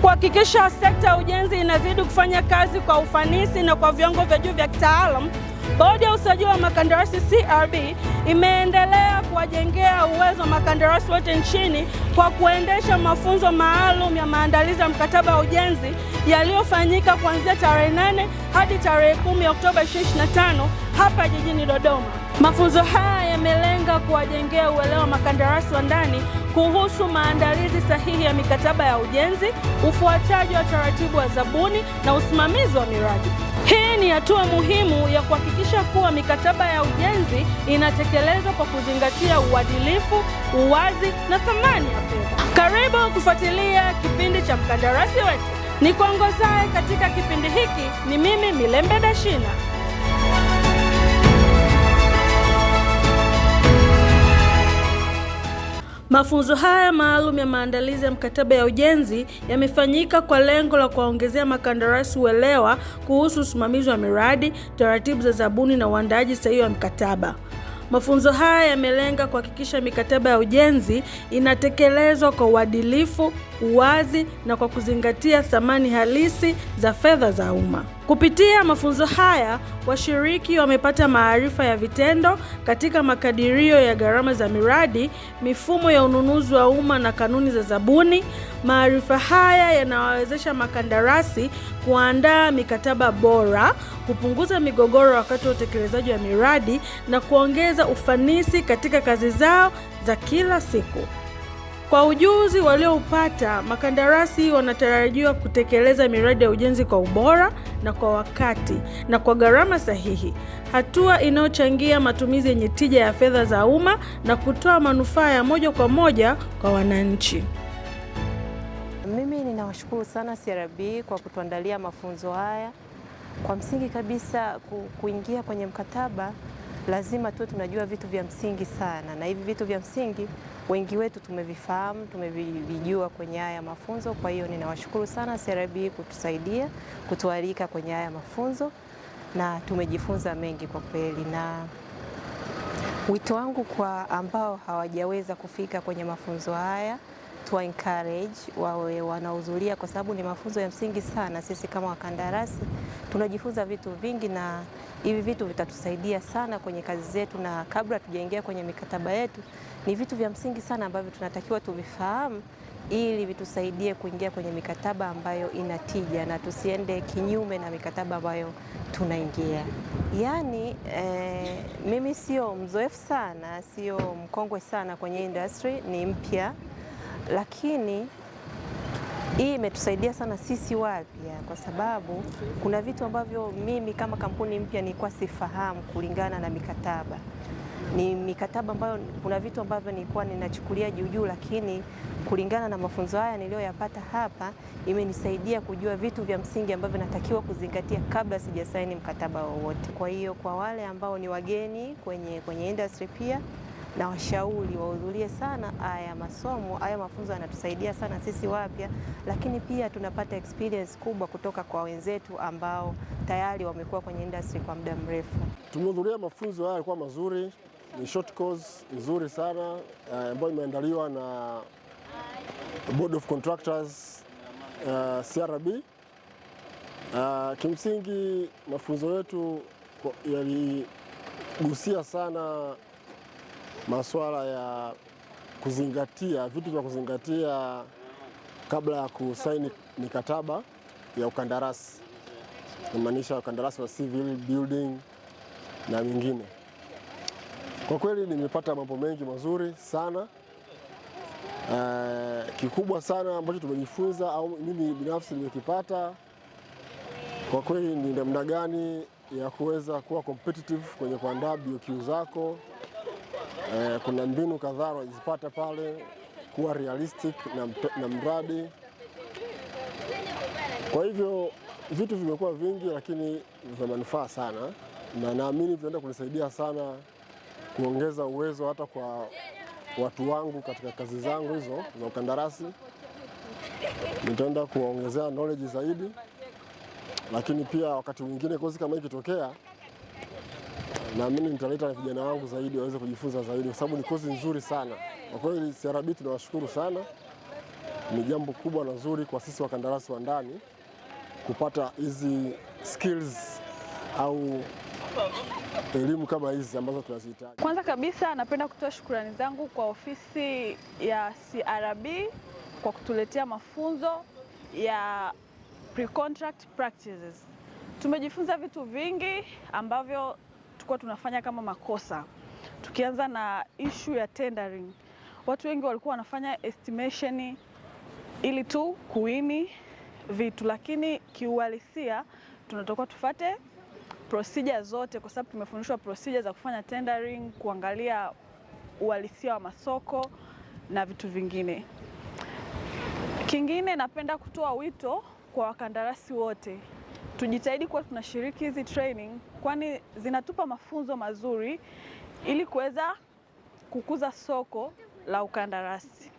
kuhakikisha sekta ya ujenzi inazidi kufanya kazi kwa ufanisi na kwa viwango vya juu vya kitaalam. Bodi ya usajili wa makandarasi CRB imeendelea kuwajengea uwezo makandarasi wote nchini kwa kuendesha mafunzo maalum ya maandalizi ya mkataba wa ujenzi yaliyofanyika kuanzia tarehe nane hadi tarehe kumi Oktoba 2025 hapa jijini Dodoma. Mafunzo haya yamelenga kuwajengea uelewa makandarasi wa ndani kuhusu maandalizi sahihi ya mikataba ya ujenzi, ufuataji wa taratibu wa zabuni na usimamizi wa miradi ni hatua muhimu ya kuhakikisha kuwa mikataba ya ujenzi inatekelezwa kwa kuzingatia uadilifu, uwazi na thamani ya fedha. Karibu kufuatilia kipindi cha mkandarasi wetu. Ni katika kipindi hiki ni mimi Milembe Dashina. Mafunzo haya maalum ya maandalizi ya mkataba ya ujenzi yamefanyika kwa lengo la kuwaongezea makandarasi uelewa kuhusu usimamizi wa miradi, taratibu za zabuni na uandaaji sahihi wa mkataba. Mafunzo haya yamelenga kuhakikisha mikataba ya ujenzi inatekelezwa kwa uadilifu, uwazi na kwa kuzingatia thamani halisi za fedha za umma. Kupitia mafunzo haya, washiriki wamepata maarifa ya vitendo katika makadirio ya gharama za miradi, mifumo ya ununuzi wa umma na kanuni za zabuni. Maarifa haya yanawawezesha makandarasi kuandaa mikataba bora, kupunguza migogoro wakati wa utekelezaji wa miradi na kuongeza ufanisi katika kazi zao za kila siku. Kwa ujuzi walioupata, makandarasi wanatarajiwa kutekeleza miradi ya ujenzi kwa ubora na kwa wakati na kwa gharama sahihi, hatua inayochangia matumizi yenye tija ya fedha za umma na kutoa manufaa ya moja kwa moja kwa wananchi. Mimi ninawashukuru sana CRB kwa kutuandalia mafunzo haya. Kwa msingi kabisa, kuingia kwenye mkataba lazima tuwe tunajua vitu vya msingi sana, na hivi vitu vya msingi wengi wetu tumevifahamu, tumevijua kwenye haya mafunzo. Kwa hiyo ninawashukuru sana CRB kutusaidia kutualika kwenye haya mafunzo, na tumejifunza mengi kwa kweli. Na wito wangu kwa ambao hawajaweza kufika kwenye mafunzo haya tuwa encourage wawe wanahudhuria, kwa sababu ni mafunzo ya msingi sana. Sisi kama wakandarasi tunajifunza vitu vingi na hivi vitu vitatusaidia sana kwenye kazi zetu, na kabla tujaingia kwenye mikataba yetu, ni vitu vya msingi sana ambavyo tunatakiwa tuvifahamu ili vitusaidie kuingia kwenye mikataba ambayo inatija na tusiende kinyume na mikataba ambayo tunaingia. Yaani eh, mimi sio mzoefu sana, sio mkongwe sana kwenye industry, ni mpya lakini hii imetusaidia sana sisi wapya, kwa sababu kuna vitu ambavyo mimi kama kampuni mpya nilikuwa sifahamu kulingana na mikataba. Ni mikataba ambayo kuna vitu ambavyo nilikuwa ninachukulia juu juu, lakini kulingana na mafunzo haya niliyoyapata hapa imenisaidia kujua vitu vya msingi ambavyo natakiwa kuzingatia kabla sijasaini mkataba wowote. Kwa hiyo kwa wale ambao ni wageni kwenye, kwenye industry pia na washauri wahudhurie sana haya masomo. Haya mafunzo yanatusaidia sana sisi wapya, lakini pia tunapata experience kubwa kutoka kwa wenzetu ambao tayari wamekuwa kwenye industry kwa muda mrefu. Tumehudhuria mafunzo haya, yalikuwa mazuri, ni short course nzuri sana eh, ambayo uh, imeandaliwa na Board of Contractors uh, eh, CRB. Uh, eh, kimsingi mafunzo yetu yaligusia sana masuala ya kuzingatia vitu vya kuzingatia kabla ya kusaini mikataba ya ukandarasi, kumaanisha ukandarasi wa civil building na mingine. Kwa kweli nimepata mambo mengi mazuri sana. Uh, kikubwa sana ambacho tumejifunza au mimi binafsi nimekipata kwa kweli ni namna gani ya kuweza kuwa competitive kwenye kuandaa BOQ zako eh, kuna mbinu kadhaa wazipata pale kuwa realistic na, na mradi. Kwa hivyo vitu vimekuwa vingi, lakini vya manufaa sana, na naamini vinaenda kunisaidia sana kuongeza uwezo hata kwa watu wangu katika kazi zangu hizo za ukandarasi. Nitaenda kuwaongezea knowledge zaidi, lakini pia wakati mwingine kozi kama ikitokea naamini nitaleta na vijana wangu zaidi waweze kujifunza zaidi, kwa sababu ni kozi nzuri sana kwa kweli. CRB tunawashukuru sana, ni jambo kubwa na zuri kwa sisi wakandarasi wa ndani kupata hizi skills au elimu kama hizi ambazo tunazihitaji. Kwanza kabisa, napenda kutoa shukrani zangu kwa ofisi ya CRB kwa kutuletea mafunzo ya pre-contract practices. Tumejifunza vitu vingi ambavyo tulikuwa tunafanya kama makosa. Tukianza na issue ya tendering, watu wengi walikuwa wanafanya estimation ili tu kuini vitu, lakini kiuhalisia tunatakiwa tufate procedure zote, kwa sababu tumefundishwa procedure za kufanya tendering, kuangalia uhalisia wa masoko na vitu vingine. Kingine, napenda kutoa wito kwa wakandarasi wote tujitahidi kuwa tunashiriki hizi training, kwani zinatupa mafunzo mazuri ili kuweza kukuza soko la ukandarasi.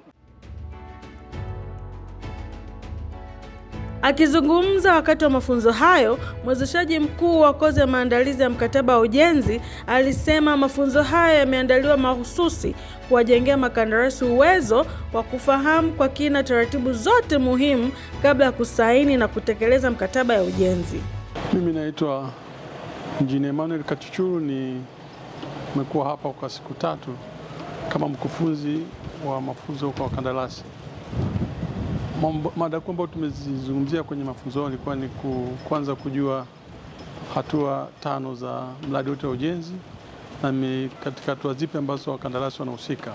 Akizungumza wakati wa mafunzo hayo, mwezeshaji mkuu wa kozi ya maandalizi ya mkataba wa ujenzi alisema mafunzo hayo yameandaliwa mahususi kuwajengea makandarasi uwezo wa kufahamu kwa kina taratibu zote muhimu kabla ya kusaini na kutekeleza mkataba ya ujenzi. Mimi naitwa Injinia Emmanuel Kachuchuru, ni nimekuwa hapa kwa siku tatu kama mkufunzi wa mafunzo kwa wakandarasi. Mada kuu ambayo tumezizungumzia kwenye mafunzo ilikuwa ni kwanza kujua hatua tano za mradi wote wa ujenzi na katika hatua zipi ambazo wakandarasi wanahusika,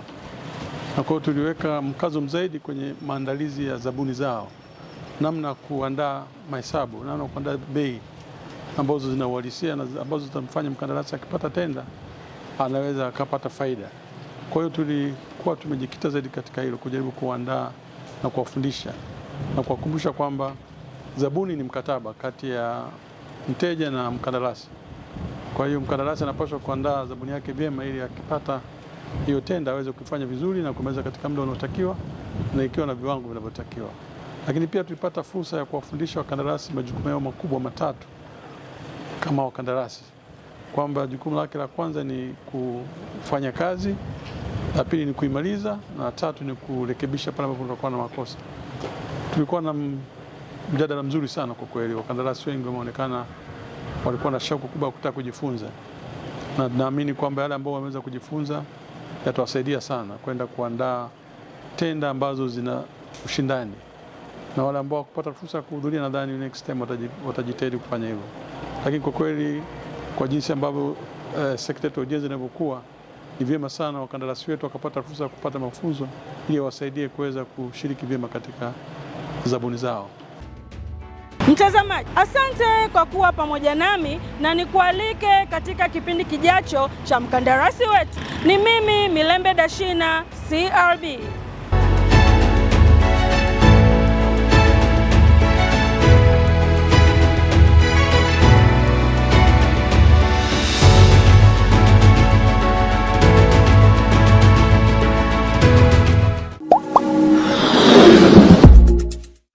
na kwa hiyo tuliweka mkazo mzaidi kwenye maandalizi ya zabuni zao, namna kuandaa mahesabu, namna kuandaa bei ambazo zinauhalisia na ambazo zitamfanya mkandarasi akipata tenda anaweza akapata faida. Kwa hiyo tulikuwa tumejikita zaidi katika hilo, kujaribu kuandaa na kuwafundisha na kuwakumbusha kwamba zabuni ni mkataba kati ya mteja na mkandarasi. Kwa hiyo mkandarasi anapaswa kuandaa zabuni yake vyema, ili akipata hiyo tenda aweze kufanya vizuri na kumaliza katika muda unaotakiwa na ikiwa na viwango vinavyotakiwa. Lakini pia tulipata fursa ya kuwafundisha wakandarasi majukumu yao makubwa matatu kama wakandarasi, kwamba jukumu lake la kwanza ni kufanya kazi la pili ni kuimaliza, na tatu ni kurekebisha pale ambapo tulikuwa na makosa. Tulikuwa na mjadala mzuri sana kwa kweli, wakandarasi wengi wameonekana walikuwa na shauku kubwa kutaka kujifunza, na naamini kwamba yale ambao wameweza kujifunza yatawasaidia sana kwenda kuandaa tenda ambazo zina ushindani, na wale ambao wakupata fursa ya kuhudhuria, nadhani next time watajitahidi kufanya hivyo, lakini kwa kweli kwa jinsi ambavyo eh, sekta ya ujenzi inavyokuwa ni vyema sana wakandarasi wetu wakapata fursa ya kupata mafunzo ili wasaidie kuweza kushiriki vyema katika zabuni zao. Mtazamaji, asante kwa kuwa pamoja nami na nikualike katika kipindi kijacho cha mkandarasi wetu. Ni mimi Milembe Dashina, CRB.